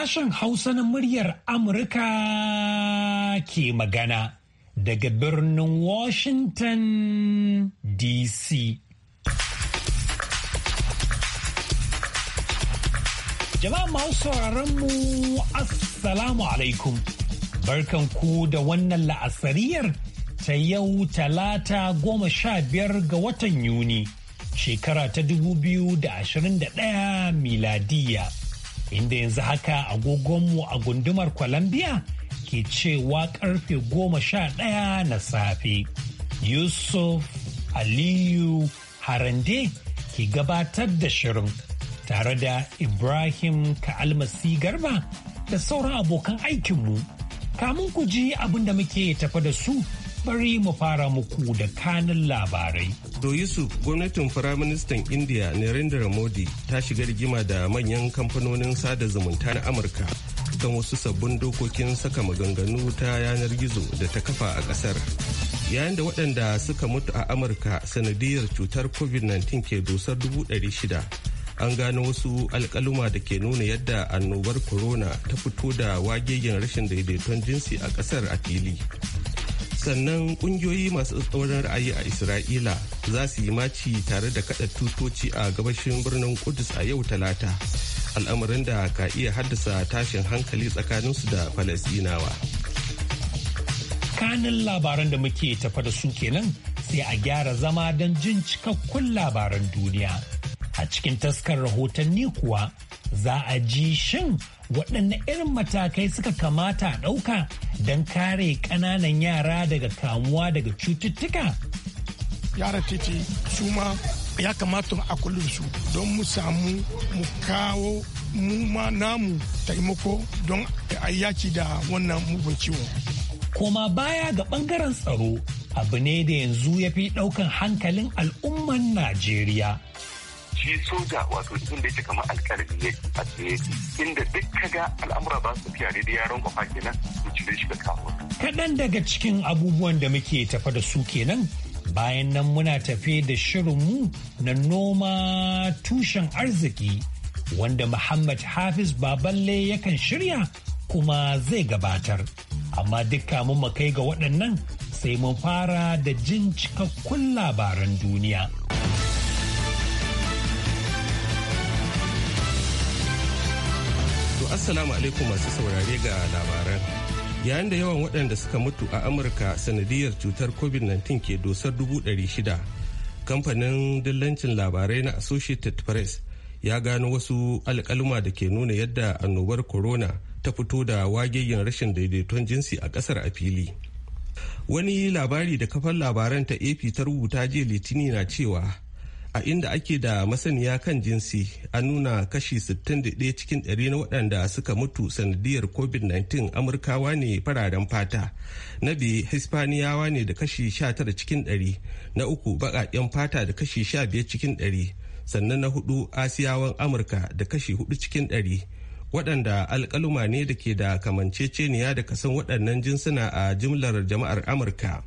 Sashen Hausa na muryar Amurka ke magana daga birnin Washington DC. Jama'a masu mu Assalamu alaikum. Barkan ku da wannan la'asariyar ta yau talata goma sha biyar ga watan Yuni, shekara ta dubu biyu da ashirin da ɗaya miladiya. inda yanzu haka agogonmu a gundumar Colombia ke cewa karfe goma sha ɗaya na safe. Yusuf Aliyu Harande ke gabatar da shirin tare da Ibrahim ka almasi Garba da sauran abokan aikinmu. Kamun ku ji abin da muke tafa da su bari mu fara muku da kanin labarai. do yusuf gwamnatin firaministan india narendra modi ta shiga rigima da manyan kamfanonin sada zumunta na amurka kan wasu sabbin dokokin saka maganganu ta yanar gizo da ta kafa a kasar yayin da waɗanda suka mutu a amurka sanadiyar cutar covid-19 ke dusar shida. an gano wasu alkaluma da ke nuna yadda annobar corona ta fito da wagegen rashin daidaiton jinsi a kasar a fili sannan kungiyoyi masu tsatsauran ra'ayi a isra'ila za su yi maci tare da kada tutoci a gabashin birnin kudus a yau talata al'amarin da ka iya haddasa tashin hankali tsakaninsu da falasinawa kanin labaran da muke tafa da su kenan sai a gyara zama don jin cikakkun labaran duniya a cikin taskar rahotanni kuwa za a ji shin waɗanne irin matakai suka kamata a ɗauka don kare ƙananan yara daga kamuwa daga cututtuka? Yara titi su ma ya kamata a kullum su don mu samu mu kawo mu ma namu taimako don a yaki da wannan mugun ciwo. Koma baya ga ɓangaren tsaro abu ne da yanzu ya fi ɗaukan hankalin al'umman Najeriya. shi soja wato inda yake kamar alƙalami ne a tsaye inda duk ga al'amura ba su fiya daidai yaron kwafa kenan su cire shi kawo. Kaɗan daga cikin abubuwan da muke tafa da su kenan bayan nan muna tafe da shirin mu na noma tushen arziki wanda Muhammad Hafiz Baballe yakan shirya kuma zai gabatar. Amma dukka mu makai ga waɗannan sai mun fara da jin cikakkun labaran duniya. assalamu alaikum masu saurare ga labaran. Yayin da yawan waɗanda suka mutu a Amurka sanadiyar cutar COVID-19 ke dosar dubu ɗari shida, kamfanin dillancin labarai na Associated Press ya gano wasu alƙaluma da ke nuna yadda annobar corona ta fito da wagegen rashin daidaiton jinsi a ƙasar a fili. Wani labari da kafar labaran ta AP ta rubuta jiya Litini na cewa a inda ake da masaniya kan jinsi an nuna kashi 61 cikin 100 na waɗanda suka mutu sanadiyar covid-19 amurkawa ne fararen fata na biyu hispaniyawa ne da kashi 19 cikin 100 na uku baƙaƙen fata da kashi 15 cikin 100 sannan na hudu asiyawan amurka da kashi 4 cikin 100 waɗanda alƙaluma ne da ke da kamanceceniya da kasan waɗannan jinsuna a jimlar jama'ar amurka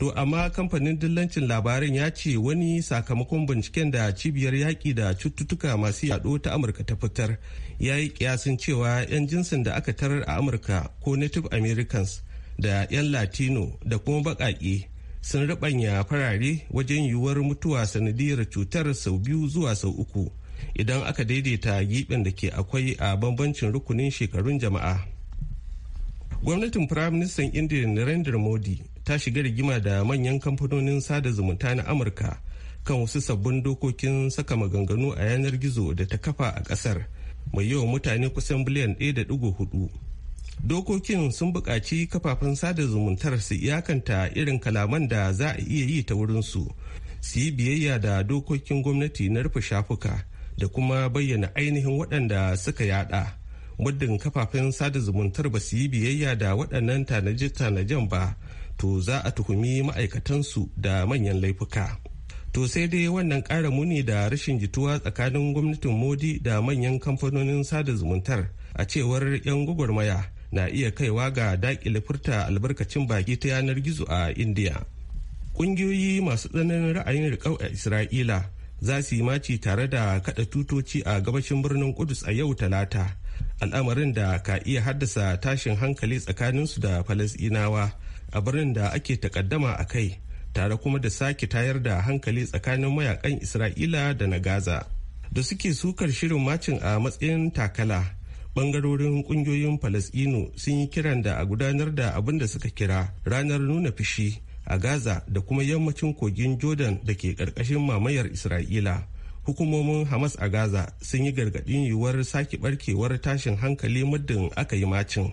To amma kamfanin dillancin labarin ya ce wani sakamakon binciken da cibiyar yaƙi da cututtuka masu yaɗo ta Amurka ta fitar ya yi kiyasin cewa 'yan jinsin da aka tarar a Amurka ko Native Americans da 'yan Latino da kuma baƙaƙe sun riɓanya farare wajen yiwuwar mutuwa sanadiyar cutar sau biyu zuwa sau uku idan aka daidaita giɓin da ke akwai a bambancin rukunin shekarun jama'a. Gwamnatin Firaministan Indiya Narendra Modi ta shiga rigima da manyan kamfanonin sada zumunta na amurka kan wasu sabbin dokokin saka maganganu a yanar gizo da ta kafa a kasar mai yawan mutane kusan biliyan 1.4 dokokin sun buƙaci kafafen sada zumuntar su iyakanta irin kalaman da za a iya yi ta wurinsu su yi biyayya da dokokin gwamnati na rufe shafuka da kuma bayyana ainihin waɗanda suka yada muddin kafafen sada zumuntar ba su yi biyayya da waɗannan tanaje-tanajen ba to za a tuhumi ma'aikatansu da manyan laifuka. To sai dai wannan ƙara muni da rashin jituwa tsakanin gwamnatin Modi da manyan kamfanonin sada zumuntar a cewar 'yan gwagwarmaya na iya kaiwa ga daƙile furta albarkacin baki ta yanar gizo a India. Ƙungiyoyi masu tsananin ra'ayin riƙau a Isra'ila za su yi maci tare da kaɗa tutoci a gabashin birnin Kudus a yau Talata, al'amarin da ka iya haddasa tashin hankali tsakaninsu da Falasɗinawa. a birnin da ake takaddama a kai tare kuma da sake tayar da hankali tsakanin mayakan isra'ila da na gaza da suke sukar shirin macin a matsayin takala bangarorin kungiyoyin falasdino sun yi kiran da a gudanar da abin da suka kira ranar nuna fishi a gaza da kuma yammacin kogin jordan da ke ƙarƙashin mamayar isra'ila hukumomin hamas a gaza sun yi gargaɗin yiwuwar sake barkewar tashin hankali muddin aka yi macin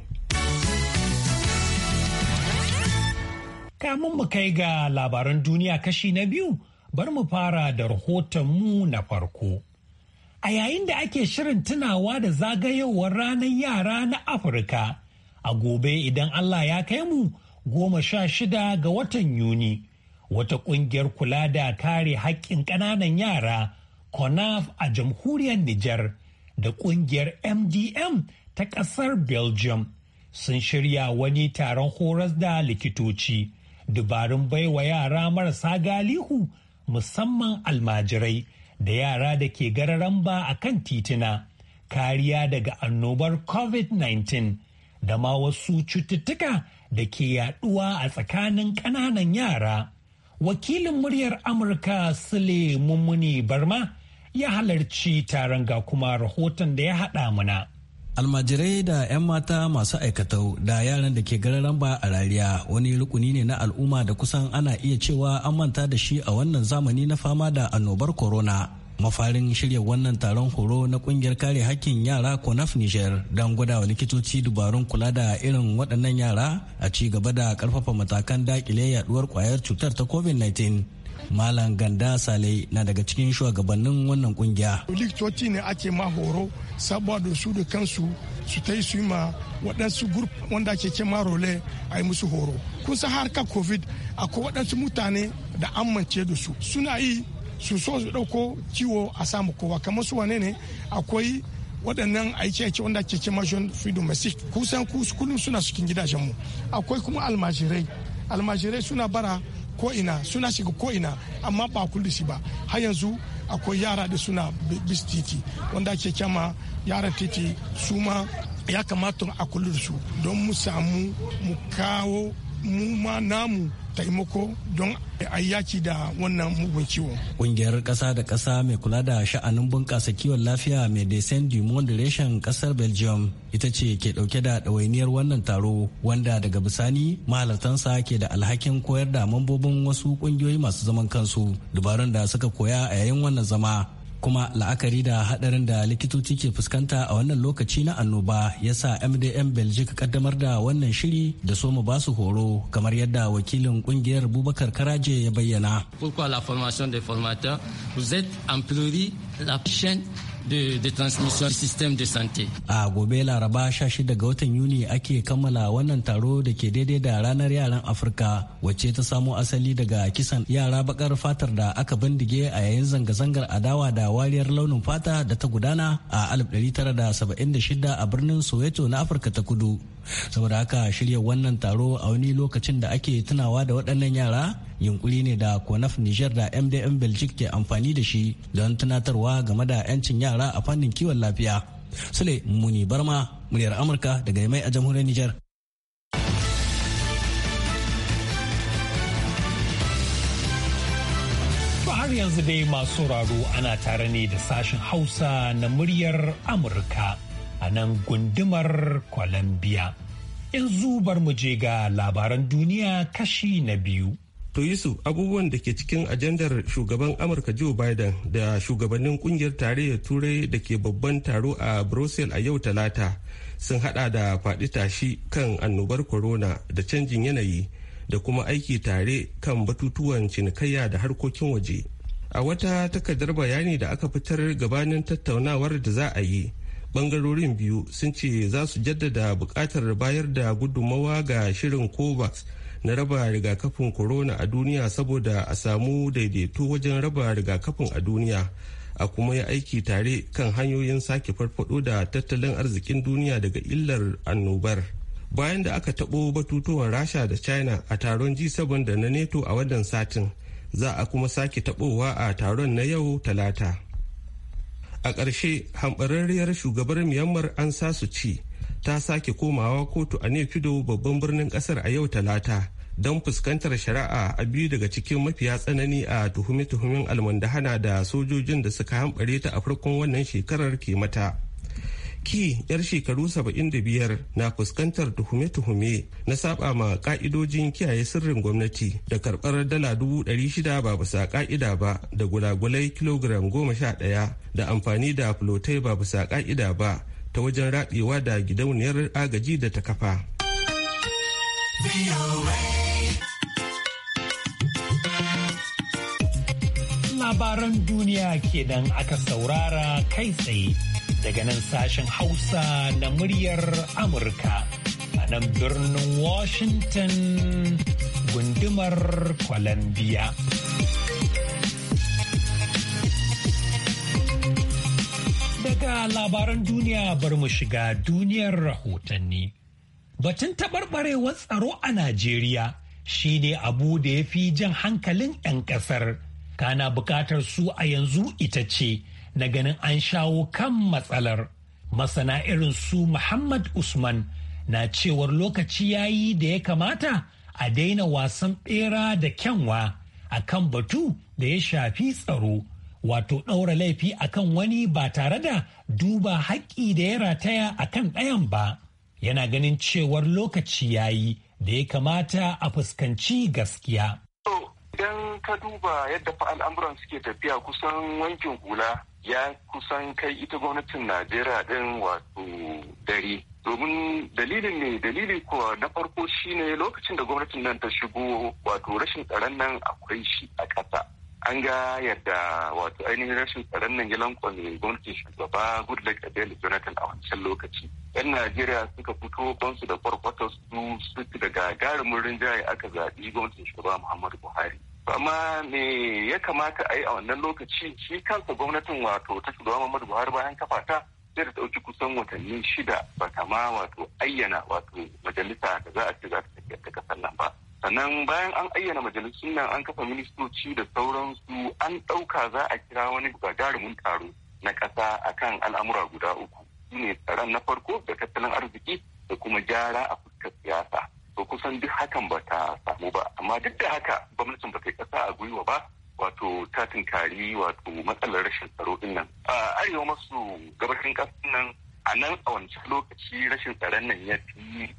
Kamun mu kai ga labaran duniya kashi na biyu bar mu fara da rahoton mu na farko. A yayin da ake shirin tunawa da zagayowar ranar yara na Afirka, a gobe idan Allah ya kai mu goma sha shida ga watan Yuni, wata ƙungiyar kula da kare haƙƙin ƙananan yara, CONAF a jamhuriyar Nijar da ƙungiyar MDM ta ƙasar Belgium sun shirya wani taron horas da likitoci dubarun baiwa yara marasa galihu musamman almajirai da yara da ke gararan ba a kan titina kariya daga annobar covid-19 da ma wasu cututtuka da ke yaduwa a tsakanin ƙananan yara wakilin muryar amurka sule mummuni barma ya halarci taron ga kuma rahoton da ya haɗa muna. almajirai da 'yan mata masu aikatau da yaran da ke garin ba a rariya wani rukuni ne na al'umma da kusan ana iya cewa an manta da shi a wannan zamani na fama da annobar corona mafarin shirya wannan taron horo na kungiyar kare hakkin yara konaf niger don gwadawa likitoci dubarun kula da irin waɗannan yara a ci gaba da ƙarfafa matakan daƙile yaduwar kwayar cutar ta covid-19 Malam Ganda Sale na daga cikin shugabannin wannan kungiya. Likitoci ne ake ma horo saboda su da kansu su ta yi su yi ma waɗansu grup wanda ake ce ma role a yi musu horo. Kun san ka COVID akwai waɗansu mutane da amince da su suna yi su so su ɗauko ciwo a samu kowa kamar su wane ne akwai waɗannan aiki-aiki wanda ke ce mashin freedom message kusan kullum suna cikin gidajenmu akwai kuma almajirai almajirai suna bara ko'ina suna shiga ko'ina amma ba kullu shi ba har yanzu akwai yara da suna bis titi wanda ake kyama yaran titi su ma ya kamata a kullu su don mu samu mu kawo mu ma namu taimako don a yaki da wannan mugun ciwo. ƙungiyar ƙasa da ƙasa mai kula da sha'anin bunƙasa kiwon lafiya mai Medecins du Monde reshen ƙasar Belgium ita ce ke ɗauke da ɗawainiyar wannan taro wanda daga bisani mahalartansa ke da alhakin koyar da mambobin wasu ƙungiyoyi masu zaman kansu dubarun da suka koya a yayin wannan zama kuma la'akari da hadarin da likitoci ke fuskanta a wannan lokaci na annoba ya sa mdm belgique kaddamar da wannan shiri da so mu basu horo kamar yadda wakilin kungiyar bubakar karaje ya bayyana pourquoi la formation des formateurs vous êtes en priori la chaîne de, de transmission système de santé. A gobe Laraba 16 ga watan Yuni ake kammala wannan taro da ke daidai da ranar yaran Afirka wacce ta samo asali daga kisan yara bakar fatar da aka bindige a yayin zanga-zangar adawa da wariyar launin fata da ta gudana a 1976 a birnin Soweto na Afirka ta Kudu. saboda haka shirya wannan taro a wani lokacin da ake tunawa da waɗannan yara yunkuri ne da konaf niger da mdm belgic ke amfani da shi don tunatarwa game da 'yancin yara a fannin kiwon lafiya sule muni barma muryar amurka daga mai a jamhuriyar niger har yanzu dai masu sauraro ana tare ne da sashen hausa na muryar amurka a nan gundumar Columbia. Yanzu bar mu je ga labaran duniya kashi na biyu. To Yusuf abubuwan da ke cikin ajandar shugaban Amurka Joe Biden da shugabannin kungiyar tarayyar Turai da ke babban taro a Brussels a yau Talata sun hada da faɗi tashi kan annobar corona da canjin yanayi da kuma aiki tare kan batutuwan cinikayya da harkokin waje. A wata takardar bayani da aka fitar gabanin tattaunawar da za a yi. bangarorin biyu sun ce za su jaddada bukatar bayar da gudummawa ga shirin covax na raba rigakafin corona a duniya saboda a samu daidaito wajen raba rigakafin a duniya a kuma yi aiki tare kan hanyoyin sake farfado da tattalin arzikin duniya daga illar annobar bayan da aka taɓo batutuwan rasha da china a taron g7 da na neto a wannan satin za a kuma sake taɓowa a taron na yau talata a ƙarshe hambararriyar shugabar myanmar an sa su ci ta sake komawa kotu a nefido babban birnin ƙasar a yau talata don fuskantar shari'a a biyu daga cikin mafiya tsanani a tuhume-tuhumen almandahana da sojojin da suka hambare ta a farkon wannan shekarar ke mata. ki yar shekaru 75 na fuskantar tuhume-tuhume na saba ma ka'idojin kiyaye sirrin gwamnati da karbar dala 600 ba bisa ka'ida ba da gulagulai kilogram 11 da amfani da fulotai ba bisa ka'ida ba ta wajen rabewa da gidauniyar agaji da ta kafa. Labaran duniya kenan aka saurara kai tsaye daga nan sashen Hausa na muryar Amurka a nan birnin Washington gundumar Columbia. Daga labaran duniya bar mu shiga duniyar rahotanni. Batun taɓarɓarewar tsaro a Najeriya shi ne abu da ya fi jan hankalin 'yan ƙasar. Kana bukatar su a yanzu ita ce. na ganin an shawo kan matsalar. Masana irin su Muhammad Usman na cewar lokaci ya yi da ya kamata a daina wasan bera da kyanwa a kan batu da ya shafi tsaro. Wato ɗaura laifi a kan wani ba tare da duba haƙƙi da ya rataya a kan ɗayan ba. Yana ganin cewar lokaci ya yi da ya kamata a fuskanci gaskiya. Idan ka duba yadda fa al'amuran suke tafiya kusan wankin hula ya kusan kai ita gwamnatin Najeriya ɗin wato dare. domin dalilin ne dalili kuwa na farko shine lokacin da gwamnatin nan ta shigo wato rashin tsaron nan akwai shi a ƙasa an ga yadda wato ainihin rashin tsaron nan gilan lankwame gwamnatin shugaba goodluck adele jonathan a wancan lokaci yan najeriya suka fito bansu da kwarkwatar su suka daga gagarumin jihar aka zaɓi gwamnatin shugaba muhammadu buhari amma me ya kamata a yi a wannan lokaci shi kansa gwamnatin wato ta shugaba muhammadu buhari bayan kafa ta sai da ɗauki kusan watanni shida ba kama wato ayyana wato majalisa da za a ce za ta tafiyar da kasar nan ba sannan bayan an ayyana majalisun nan an kafa ministoci da sauransu an ɗauka za a kira wani gagarumin taro na ƙasa kan al'amura guda uku shine tsaron na farko da tattalin arziki da kuma gyara a fuskar siyasa to kusan duk hakan ba ta samu ba amma duk da haka gwamnatin ba ta ƙasa a gwiwa ba wato ta tunkari wato matsalar rashin tsaro din nan a arewa masu gabashin ƙasar nan a nan a wancan lokaci rashin tsaron nan ya fi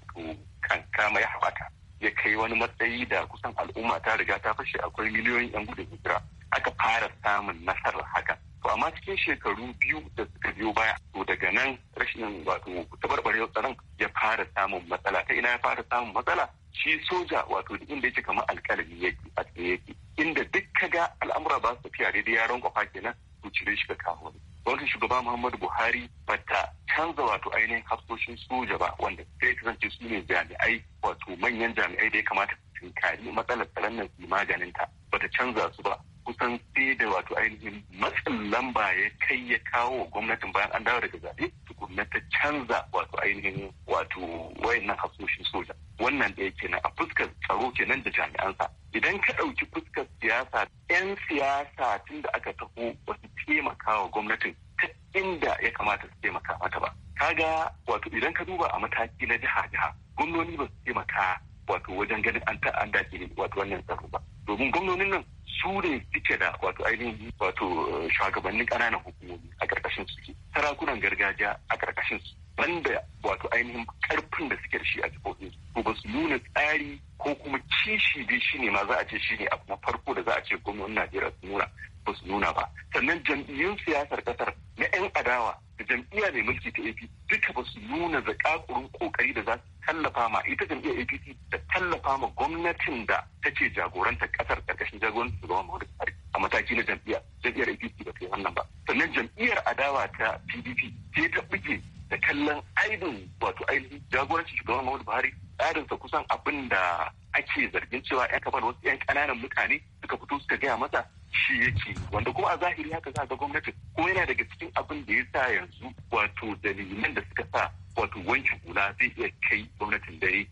kanka ya haɓaka ya kai wani matsayi da kusan al'umma ta riga ta fashe akwai miliyoyin 'yan gudun hijira aka fara samun nasarar haka to amma cikin shekaru biyu da suka biyo baya to daga nan rashin wato tabarbarewar tsaron ya fara samun matsala ta ina ya fara samun matsala shi soja wato duk inda yake kamar alkalami yake a tsaye yake inda duk kaga al'amura ba su tafiya daidai yaron kwafa kenan to cire shi ka kawo wani gwamnatin shugaba muhammadu buhari bata canza wato ainihin hafsoshin soja ba wanda sai kasance su ne jami'ai wato manyan jami'ai da ya kamata kari matsalar tsaron nan su maganin ta bata canza su ba kusan sai da wato ainihin matsin lamba ya kai ya kawo gwamnatin bayan an dawo daga zaɓe tukunna ta canza wato ainihin wato wayannan hasoshin soja wannan ɗaya kenan a fuskar tsaro kenan da jami'an sa. idan ka ɗauki fuskar siyasa 'yan siyasa tun da aka taho wasu taimaka wa gwamnatin ta inda ya kamata su taimaka mata ba kaga wato idan ka duba a mataki na jiha jiha gwamnoni ba su taimaka wato wajen ganin an ta an dace wato wannan tsaro ba domin gwamnonin nan su ne suke da wato ainihin wato eh, shugabannin ƙananan hukumomi a ƙarƙashin suke sarakunan gargajiya a ƙarƙashin su banda wato ainihin ƙarfin da suke da shi a jihohin ko ba su nuna tsari ko kuma kishi dai shi ne ma za a ce shi ne abu na farko da za a ce gwamnonin najeriya su nuna ba su nuna ba sannan jam'iyyun siyasar ƙasar na 'yan adawa da jam'iyya mai mulki ta APC duka ba su nuna zakakurin kokari da za su tallafa ma ita jam'iyyar APC da tallafa ma gwamnatin da ta ce jagoranta kasar karkashin su shugaban mawar Buhari a mataki na jam'iyya jam'iyyar APC ba ta yi wannan ba sannan jam'iyyar adawa ta PDP ce ta buge da kallon aibin wato ainihin jagorancin shugaban mawar Buhari tsarinsa kusan abin da ake zargin cewa yan kamar wasu yan ƙananan mutane suka fito suka gaya masa shi yake wanda kuma a zahiri haka za ga gwamnati ko yana daga cikin abin da ya sa yanzu wato dalilan da suka sa wato wanki kula zai iya kai gwamnatin dare.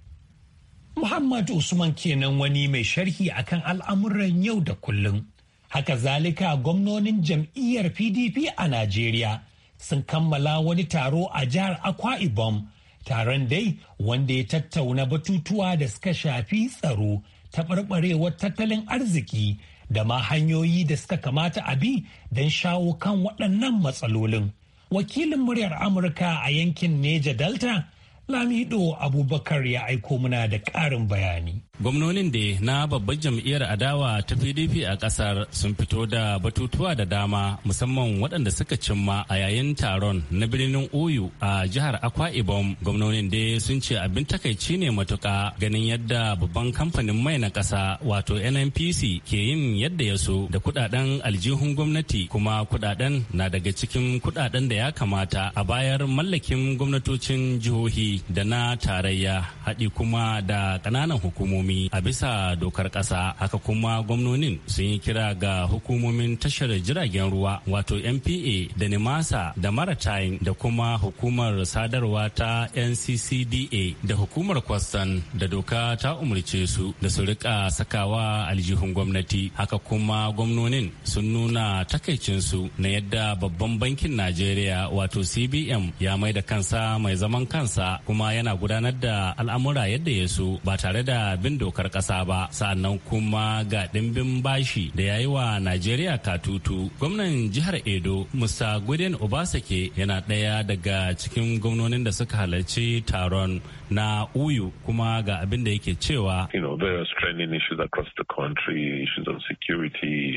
Muhammad Usman kenan wani mai sharhi akan al'amuran yau da kullum. Haka zalika gwamnonin jam'iyyar PDP a Najeriya sun kammala wani taro a jihar Akwa Ibom Taron dai wanda ya tattauna batutuwa da suka shafi tsaro, ta taɓarɓarewar tattalin arziki da ma hanyoyi da suka kamata a bi don shawo kan waɗannan matsalolin. Wakilin muryar Amurka a yankin Neja Delta, Lamido Abubakar ya aiko muna da ƙarin bayani. Gwamnonin da na babbar jam'iyyar adawa ta PDP a kasar sun fito da batutuwa da dama musamman waɗanda suka cimma a yayin taron na birnin Oyo a jihar Akwa Ibom. Gwamnonin da sun ce abin takaici ne matuka ganin yadda babban kamfanin mai na ƙasa wato NNPC ke yin yadda ya so da kuɗaɗen aljihun gwamnati kuma kuɗaɗen na daga cikin kuɗaɗen da ya kamata a bayar mallakin gwamnatocin jihohi da na tarayya haɗi kuma da ƙananan hukumomi. hukumomi a bisa dokar ƙasa haka kuma gwamnonin sun yi kira ga hukumomin tashar jiragen ruwa wato npa da nimasa da maritime da kuma hukumar sadarwa ta nccda da hukumar kwastan da doka ta umarce su da su rika sakawa aljihun gwamnati haka kuma gwamnonin sun nuna takaicinsu na yadda babban bankin najeriya wato cbm ya mai da kansa mai zaman kansa kuma yana gudanar da al'amura yadda ya so ba tare da bin dokar ƙasa ba sa'annan kuma ga ɗimbin bashi da ya yi wa najeriya katutu gwamnan jihar edo musa gudin obasake yana ɗaya daga cikin gwamnonin da suka halarci taron na uyu kuma ga abin da yake cewa you know there security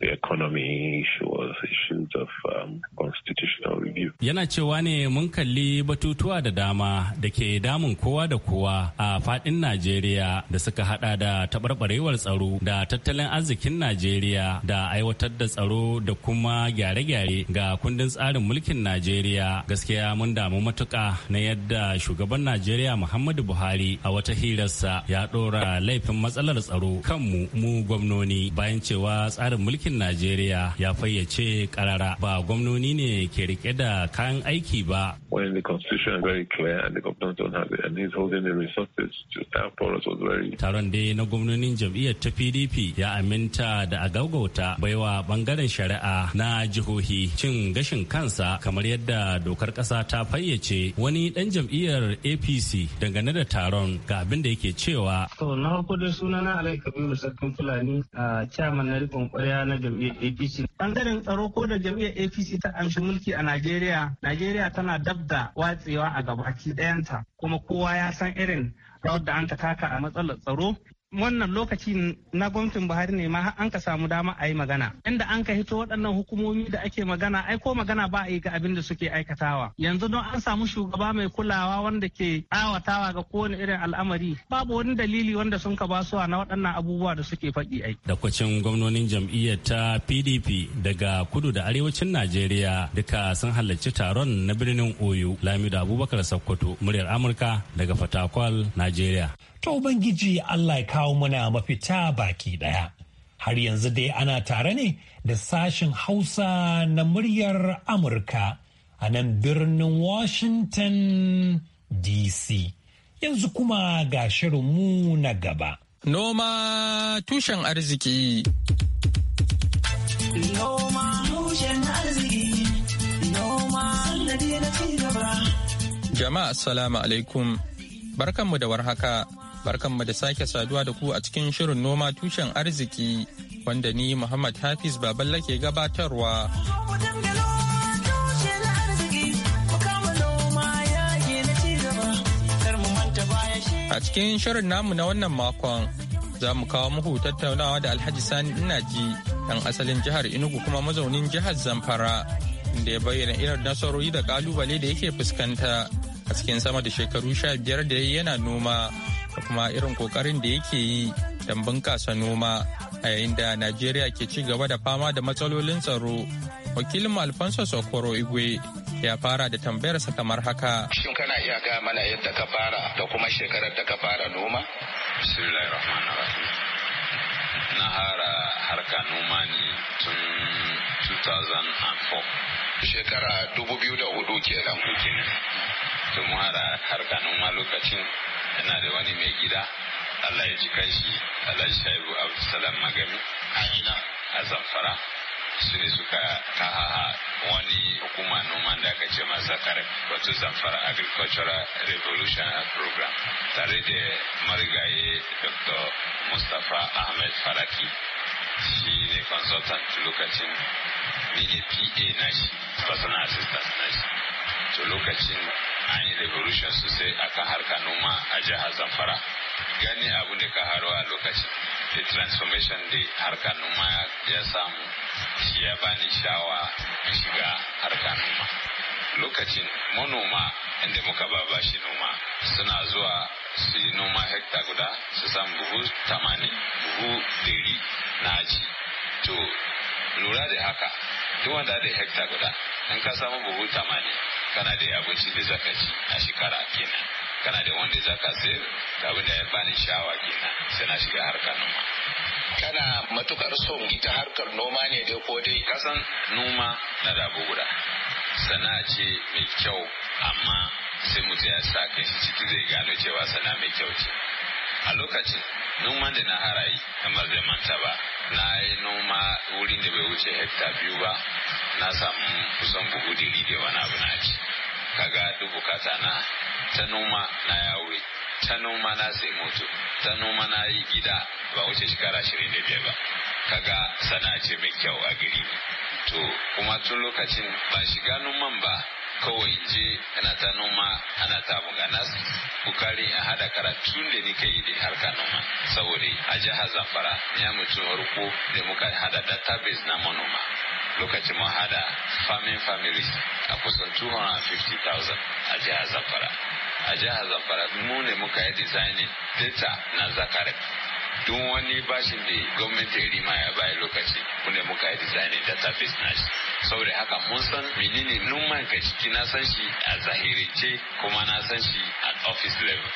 economy issues, um, biyu. Yana cewa ne mun kalli batutuwa da dama da ke damun kowa da kowa a fadin Najeriya da suka hada da tabarbarewar tsaro da tattalin arzikin Najeriya da aiwatar da tsaro da kuma gyare-gyare ga kundin tsarin mulkin Najeriya. Gaskiya mun damu matuka na yadda shugaban Najeriya Muhammadu Buhari a wata hirarsa ya ɗora laifin matsalar tsaro kanmu mu gwamnoni bayan cewa tsarin mulkin Najeriya ya fayyace karara ba gwamnoni ne ke rike da da kayan aiki ba. When the constitution is very clear and the government don't have it and he's holding the resources to staff us was very. Taron dai na gwamnonin jam'iyyar ta PDP ya aminta da agaugauta baiwa bangaren shari'a na jihohi cin gashin kansa kamar yadda dokar kasa ta fayyace wani dan jam'iyyar APC dangane da taron ga abin da yake cewa. To na farko dai sunana Alai Kabiru Sarkin Fulani a chairman na rikon kwarya na jam'iyyar APC bangaren tsaro ko da jam'iyyar apc ta amshi mulki a najeriya najeriya tana dab da watsewa a gabaki ɗayanta kuma kowa ya san irin rawar da an taka a matsalar tsaro wannan lokaci na gwamnatin buhari ne ma an ka samu dama a yi magana inda an ka hito waɗannan hukumomi da ake magana ai ko magana ba a yi ga abin da suke aikatawa yanzu don an samu shugaba mai kulawa wanda ke awatawa ga kowane irin al'amari babu wani dalili wanda sun ka ba suwa na waɗannan abubuwa da suke faɗi ai da kwacin gwamnonin jam'iyyar ta pdp daga kudu da arewacin najeriya duka sun halarci taron na birnin oyo lamido abubakar sakkwato muryar amurka daga fatakwal najeriya ta Ubangiji Allah ya kawo muna mafita baki ɗaya. Har yanzu dai ana tare ne da sashen Hausa na muryar Amurka a nan birnin Washington DC. Yanzu kuma ga shirinmu na gaba. Noma tushen arziki. Noma tushen arziki. Noma sannadi na gaba. Jama'a salamu alaikum. Barkanmu da warhaka. barkanmu da sake saduwa da ku a cikin shirin noma tushen arziki wanda ni Muhammad Hafiz Baballa ke gabatarwa. A cikin shirin namu na wannan makon za mu kawo muku tattaunawa da Alhaji Sani Inaji ɗan asalin jihar Enugu kuma mazaunin jihar Zamfara da ya bayyana irin nasarori da ƙalubale da yake fuskanta a cikin sama da shekaru sha biyar da yana noma. da kuma irin kokarin da yake yi don bunƙasa noma a yayin da najeriya ke ci gaba da fama da matsalolin tsaro wakilin alfonso sokoro igwe ya fara da tambayarsa kamar haka shin kana iya ga mana yadda ka fara da kuma shekarar da ka fara noma na hara harka noma ne tun 2004 shekara 2004 kenan tun hara harka noma lokacin yana da wani mai gida Allah ya ji Allah Alhaji Shaibu Abdulsalam Magami Amina a Zamfara su ne suka kahaha wani hukuma noman da aka ce masa kare wato Zamfara Agricultural Revolution Program tare da marigaye Dr. Mustapha Ahmed Faraki shi ne consultant lokacin ni ne PA na shi personal assistant na to lokacin an yi revolution sosai akan harka noma a jihar zamfara gani abu ne ka haro a lokacin the transformation da harka noma ya samu shi ya bani shawa shiga harka noma lokacin manoma inda muka ba shi noma suna zuwa su yi noma hekta guda su samu buhu tamanin buhu dari na aji to lura da haka duk wanda da hekta guda in ka samu buhu tamanin kana da abincin da zaka ci a shekara kenan kana da wanda zaka sayar da abin da ya bani shawa kenan sai na shiga harkar noma kana matukar son ita harkar noma ne dai ko dai kasan noma na rabo guda sana ce mai kyau amma sai mutum ya sa kai shi ciki zai gano cewa sana mai kyau ce a lokacin noman da na harayi kamar zai manta ba na yi noma wurin da bai wuce hekta biyu ba na samu kusan buhu diri da wani abu na ci kaga dubu kata na ta noma na yawo ta noma na sai moto ta noma na yi gida ba wuce shekara shirin da biyar ba kaga sana ce mai kyau a gari to kuma tun lokacin ba shiga noman ba kawai je ana ta noma ana ta buganas kukari in hada karatu da nika yi da harka noma saboda a jihar zamfara ya mutu harko da muka hada database na manoma lokacin mu hada farming families a kusan 250,000 a jihar zamfara a jihar zamfara mu ne muka yi designing data na zakarai duk wani bashin da gwamnati rima ya bayi lokaci kuna muka yi designing database na shi saboda haka mun san menene numan ka ciki na san shi a zahirance kuma na san shi at office level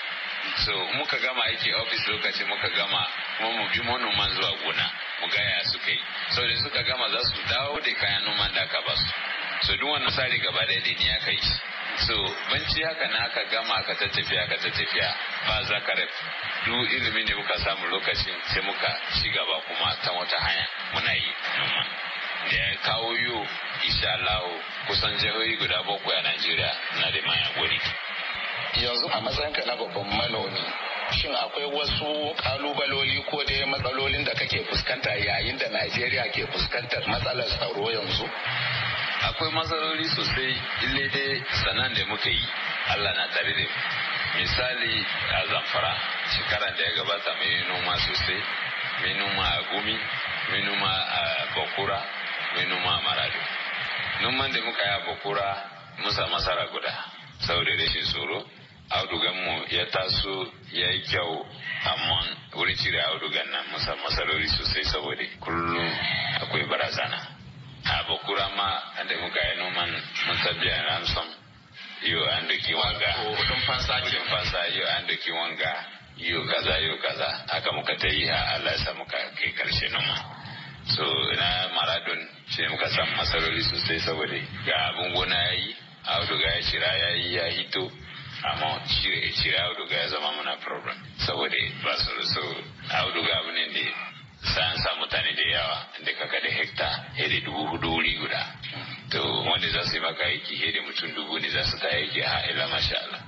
so muka gama aiki office lokaci muka gama kuma mu bi manoman zuwa gona mu gaya suka yi saboda suka gama za su dawo da kayan noman da aka basu so duk wannan tsari gaba da ni aka yi so banci haka na aka gama ka ta tafiya ka ta tafiya ba za ka duk ilimi ne muka samu lokacin sai muka ci gaba kuma ta wata hanya muna yi noma da ya kawo yo insha Allah kusan jihohi guda bakwai a Najeriya na da mayan gori yanzu a matsayin ka na babban manomi shin akwai wasu kalubaloli ko dai matsalolin da kake fuskanta yayin da Najeriya ke fuskantar matsalar tsaro yanzu akwai matsaloli sosai ille dai sanan da muka yi allah na tare da misali a zamfara shekaran da ya gabata mai noma sosai mai noma a gumi mai noma a bakura mai noma a marado noman da muka yi a bakura musa masara guda saboda rashin tsoro auduganmu ya taso ya yi kyau amma wurin cire audugan nan musa masarori sosai saboda kullum akwai barazana abo kurama da muka yi noman musabbiyan ransom yau an doki wanga kudin oh, fansa kudin fansa yo an doki wanga yau kaza yau kaza aka muka ta yi a Allah muka kai karshe noma so na maradon ce muka san masarori sosai saboda ga abin gona ya yi auduga ya shira ya yi ya hito amma shirya auduga ya zama muna problem saboda ba su so auduga abu ne da sai sa mutane da yawa da kaka da hekta hede dubu hudu wuri guda to wanda za su yi maka aiki hede mutum dubu ne za su ta aiki ha ila masha Allah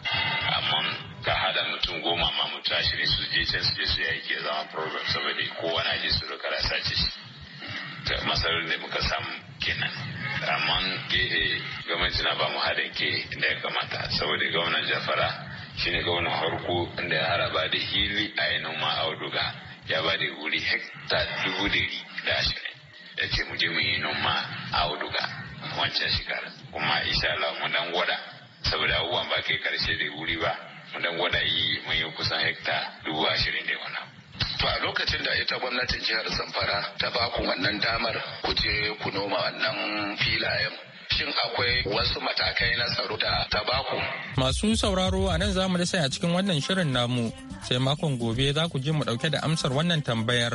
amma ka hada mutum goma ma mutum ashirin su je can su je su yi aiki ya zama program saboda kowa na je su da karasa ce shi masarar da muka samu kenan amma gehe gwamnati na ba mu haɗin ke da ya kamata saboda gwamnan jafara shine gwamnan harko da ya haraba da hili a yi noma auduga ya ba da wuri hekta dubu da ashirin ya ce mu je mu yi noma a auduga wancan shekara kuma insha Allah mu dan gwada saboda abubuwan ba kai karshe da wuri ba mu dan gwada yi mun yi kusan hekta dubu ashirin da wani To a lokacin da ita gwamnatin jihar Zamfara ta ba ku wannan damar ku je ku noma wannan filayen shin akwai wasu matakai na tsaro da baku? Masu sauraro a nan zamu da sai a cikin wannan shirin namu sai makon gobe za ku je mu dauke da amsar wannan tambayar.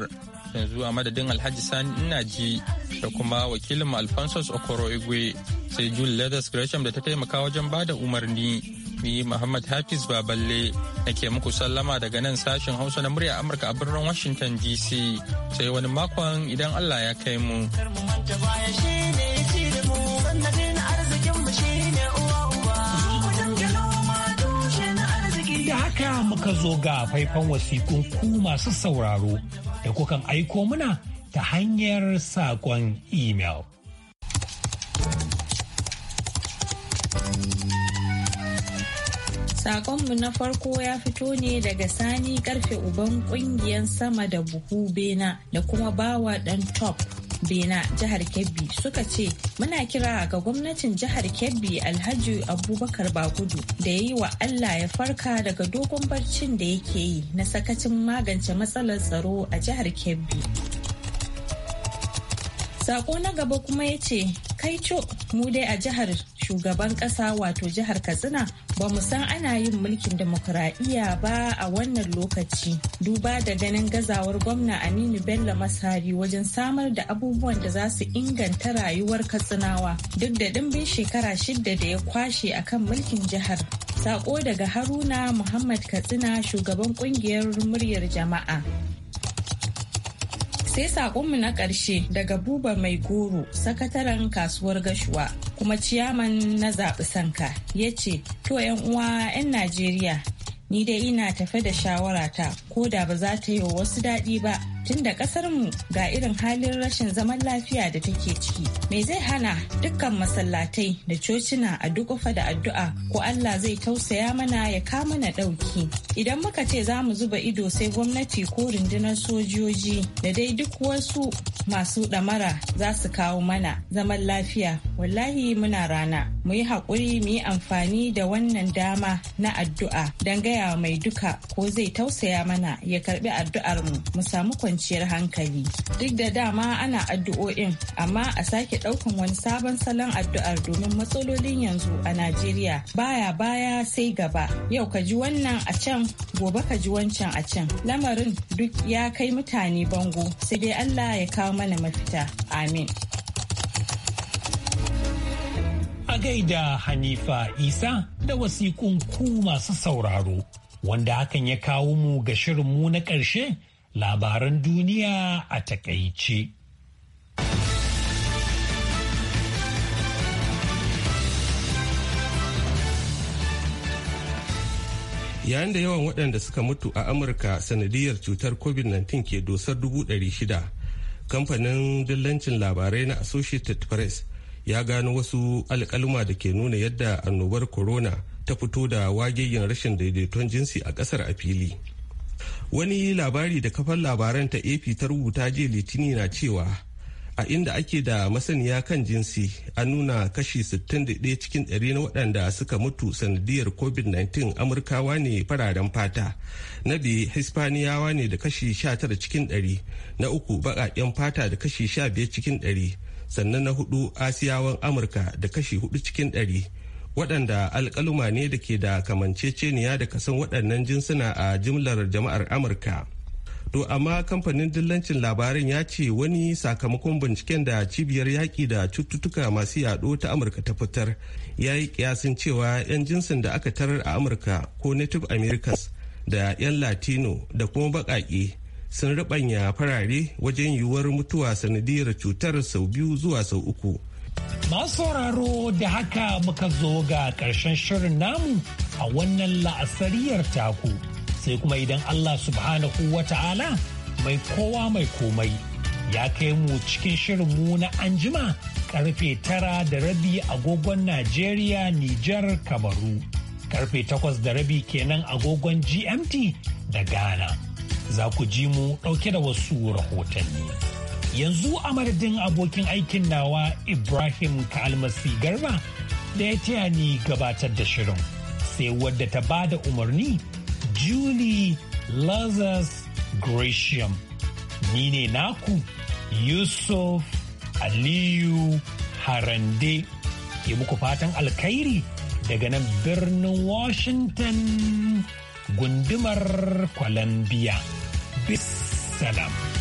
Yanzu a madadin Alhaji Sani ji da kuma wakilin Alphonsus Okoro Igwe sai Jul Leathers Gresham da ta taimaka wajen bada umarni. Ni Muhammad Hafiz Baballe nake muku sallama daga nan sashen Hausa na murya Amurka a birnin Washington DC sai wani makon idan Allah ya kai mu. da muka zo ga faifan wasiƙun ku masu sauraro da kukan aiko muna ta hanyar saƙon imel. Sakonmu na farko ya fito ne daga sani karfe uban ƙungiyar sama da buhu bena da kuma bawa ɗan top bena jihar kebbi suka ce muna kira ga gwamnatin jihar kebbi alhaji abubakar bagudu da ya yi wa allah ya farka daga dogon barcin da yake yi na sakacin magance matsalar tsaro a jihar kebbi sako na gaba kuma ya ce Kaico mu dai a jihar shugaban ƙasa wato jihar Katsina ba mu san ana yin mulkin demokuraɗiyya ba a wannan lokaci duba da ganin gazawar gwamna Aminu Bello Masari wajen samar da abubuwan da za su inganta rayuwar Katsinawa duk da ɗimbin shekara shidda da ya kwashe a kan mulkin jihar. Sako daga Haruna Muhammad Katsina shugaban kungiyar muryar jama'a. Sai saƙonmu na ƙarshe daga Buba Mai Goro, sakataren kasuwar Gashuwa, kuma ciyaman na zaɓi sanka, ya ce, To 'yan uwa 'yan Najeriya, ni dai ina tafe da shawarata, ko da ba za ta yi wa wasu daɗi ba, tunda mu ga irin halin rashin zaman lafiya da take ciki. Me zai hana dukkan masallatai da cocina a dukufa da addu'a ko Allah zai tausaya mana ya kama na ɗauki. Idan muka ce za mu zuba ido sai gwamnati ko rundunar sojoji da dai duk wasu masu ɗamara za su kawo mana zaman lafiya wallahi muna rana. Mu yi haƙuri mu yi amfani da wannan dama na addu'a don gaya mai duka ko zai tausaya mana ya karɓi addu'ar mu mu samu kwanciyar hankali duk da dama ana addu'o'in amma a sake ɗaukan wani sabon salon addu'ar domin matsalolin yanzu a najeriya baya baya sai gaba yau ka ji wannan a can gobe ka ji wancan a can lamarin duk ya kai mutane bango sai dai allah ya kawo mana mafita amin a gaida Hanifa Isa da wasikun ku masu sauraro, wanda hakan ya kawo mu ga shirin mu na ƙarshe labaran duniya a takaice. yayin da yawan waɗanda suka mutu a amurka sanadiyar cutar covid-19 ke dosar shida kamfanin dillancin labarai na associated press ya gano wasu alƙaluma da ke nuna yadda annobar corona ta fito da wagegen rashin daidaiton jinsi a ƙasar a fili wani labari da kafar labaran ta ap ta rubuta je litini na cewa a inda ake da masaniya kan jinsi an nuna kashi 61 cikin 100 na waɗanda suka mutu sanadiyar covid-19 amurkawa ne fararen fata na biyu hispaniyawa ne da kashi 19 cikin 100 na uku baƙaƙen fata da kashi 15 cikin 100 sannan na hudu asiyawan amurka da kashi 4 cikin dari. waɗanda alƙaluma ne da ke da kamanceceniya da kasan waɗannan jinsuna a jimlar jama'ar amurka to amma kamfanin dillancin labarin ya ce wani sakamakon binciken da cibiyar yaƙi da cututtuka masu yaɗo ta amurka ta fitar ya yi kiyasin cewa 'yan jinsin da aka tarar a amurka ko native americans da 'yan latino da kuma baƙaƙe sun riɓanya farare wajen yiwuwar mutuwa sanadiyar cutar sau biyu zuwa sau uku Masu sauraro da haka muka zo ga ƙarshen shirin namu a wannan la'asariyar taku sai kuma idan Allah subhanahu wa ta'ala mai kowa mai komai ya kai mu cikin shirin mu na anjima karfe tara da rabi agogon Najeriya Nijar Kamaru karfe takwas da rabi kenan agogon GMT da Ghana. Za ku ji mu ɗauke da wasu rahotanni. yanzu a madadin abokin aikin nawa ibrahim kalmasi garba da ya taya ni gabatar da shirin sai wadda ta ba da umarni julie lazarus gratium ni ne naku yusuf aliyu harande ke muku fatan alkhairi daga nan birnin washington gundumar columbia bis salam